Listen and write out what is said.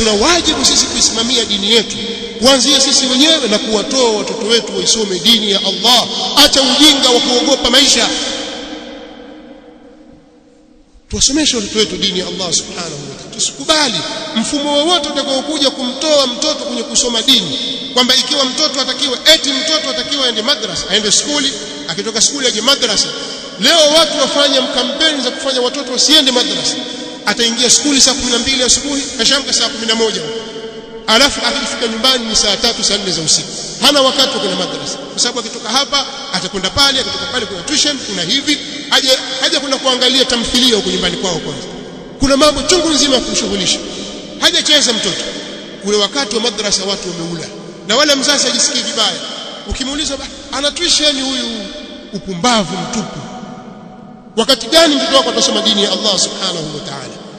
tuna wajibu sisi kuisimamia dini yetu kuanzia sisi wenyewe na kuwatoa watoto wetu waisome dini ya Allah. Acha ujinga wa kuogopa maisha, tuwasomeshe watoto wetu dini ya Allah subhanahu wa ta'ala. Tusikubali mfumo wowote utakaokuja kumtoa mtoto kwenye kusoma dini, kwamba ikiwa mtoto atakiwa eti mtoto atakiwa aende madrasa, aende skuli, akitoka skuli aje madrasa. Leo watu wafanya kampeni za kufanya watoto wasiende madrasa ataingia skuli saa 12 asubuhi kashamka saa 11 alafu akifika nyumbani ni saa tatu saa nne za usiku hana wakati wa kwenda madrasa kwa sababu akitoka hapa atakwenda pale akitoka pale kuna tuition kuna hivi haja haja kwenda kuangalia tamthilia huko nyumbani kwao kwanza kuna mambo chungu nzima ya kumshughulisha hajacheza mtoto ule wakati wa madrasa watu wameula na wala mzazi ajisikii vibaya ukimuuliza ana tuition huyu upumbavu mtupu wakati gani mtoto wako atasoma dini ya Allah subhanahu wa ta'ala